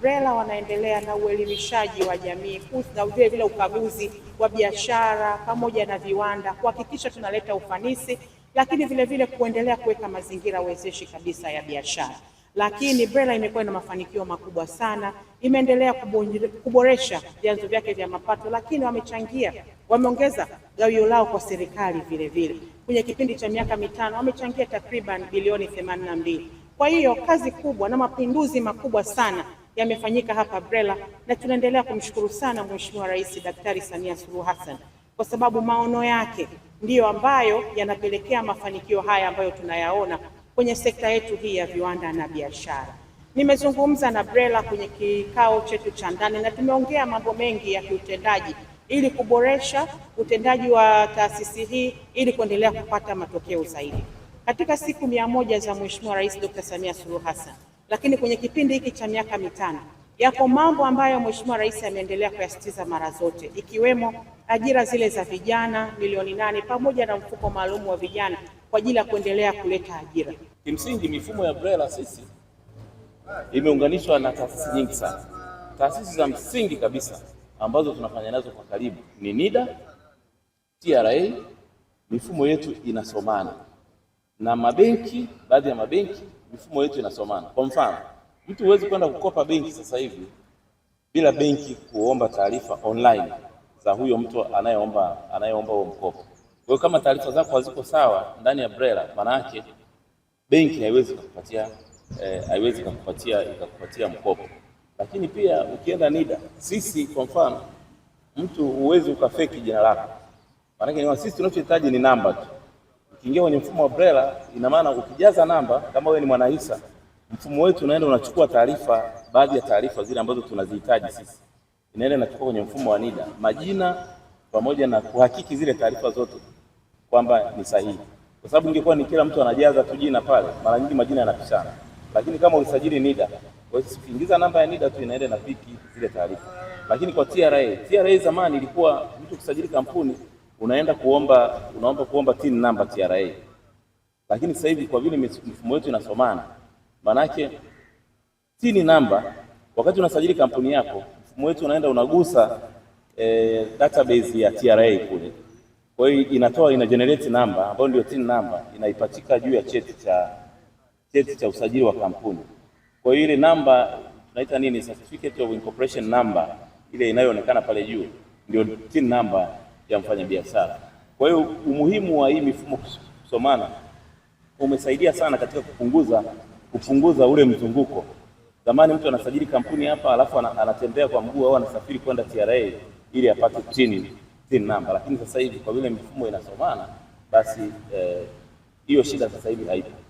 BRELA wanaendelea na uelimishaji wa jamii na vile vile ukaguzi wa biashara pamoja na viwanda kuhakikisha tunaleta ufanisi, lakini vile vile kuendelea kuweka mazingira wezeshi kabisa ya biashara. Lakini BRELA imekuwa na mafanikio makubwa sana, imeendelea kuboresha vyanzo vyake vya mapato, lakini wamechangia, wameongeza gawio lao kwa serikali vile vile. Kwenye kipindi cha miaka mitano wamechangia takriban bilioni themanini na mbili. Kwa hiyo kazi kubwa na mapinduzi makubwa sana yamefanyika hapa Brela, na tunaendelea kumshukuru sana Mheshimiwa Rais Daktari Samia Suluhu Hassan kwa sababu maono yake ndiyo ambayo yanapelekea mafanikio haya ambayo tunayaona kwenye sekta yetu hii ya viwanda na biashara. Nimezungumza na Brela kwenye kikao chetu cha ndani na tumeongea mambo mengi ya kiutendaji ili kuboresha utendaji wa taasisi hii ili kuendelea kupata matokeo zaidi. Katika siku mia moja za Mheshimiwa Rais Dr. Samia Suluhu Hassan lakini kwenye kipindi hiki cha miaka mitano yako mambo ambayo Mheshimiwa Rais ameendelea kuyasitiza mara zote, ikiwemo ajira zile za vijana milioni nane pamoja na mfuko maalum wa vijana kwa ajili ya kuendelea kuleta ajira. Kimsingi, mifumo ya BRELA sisi imeunganishwa na taasisi nyingi sana. Taasisi za msingi kabisa ambazo tunafanya nazo kwa karibu ni NIDA, TRA. Mifumo yetu inasomana na mabenki, baadhi ya mabenki mifumo yetu inasomana. Kwa mfano, mtu huwezi kwenda kukopa benki sasa hivi bila benki kuomba taarifa online za huyo mtu anayeomba anayeomba huo mkopo. Kwa hiyo kama taarifa zako haziko sawa ndani ya BRELA, maana yake benki haiwezi kukupatia eh, haiwezi kukupatia ikakupatia mkopo. Lakini pia ukienda NIDA, sisi kwa mfano, mtu huwezi ukafeki jina lako, maana yake sisi tunachohitaji ni namba tu Ukiingia kwenye mfumo wa BRELA, ina maana ukijaza namba, kama wewe ni mwanaisa, mfumo wetu unaenda unachukua taarifa, baadhi ya taarifa zile ambazo tunazihitaji sisi, inaenda inachukua kwenye mfumo wa NIDA, majina pamoja na kuhakiki zile taarifa zote kwamba ni sahihi, kwa sababu ingekuwa ni kila mtu anajaza tu jina pale, mara nyingi majina yanapishana, lakini kama ulisajili NIDA kwa hiyo ukiingiza namba ya NIDA tu inaenda na piki zile taarifa. Lakini kwa TRA, TRA zamani ilikuwa mtu kusajili kampuni unaenda kuomba unaomba kuomba TIN namba TRA, lakini sasa hivi kwa vile mfumo wetu inasomana, maanake TIN namba wakati unasajili kampuni yako, mfumo wetu unaenda unagusa e, database ya TRA kule. Kwa hiyo inatoa ina generate namba ambayo ndio TIN namba inaipatika juu ya cheti cha cheti cha usajili wa kampuni. Kwa hiyo ile namba tunaita nini, certificate of incorporation number, ile inayoonekana pale juu ndio TIN namba ya mfanyabiashara. Kwa hiyo umuhimu wa hii mifumo kusomana umesaidia sana katika kupunguza kupunguza ule mzunguko. Zamani mtu anasajili kampuni hapa, alafu anatembea kwa mguu au anasafiri kwenda TRA ili apate TIN TIN namba, lakini sasa hivi kwa vile mifumo inasomana, basi eh, hiyo eh, shida sasa hivi haipo.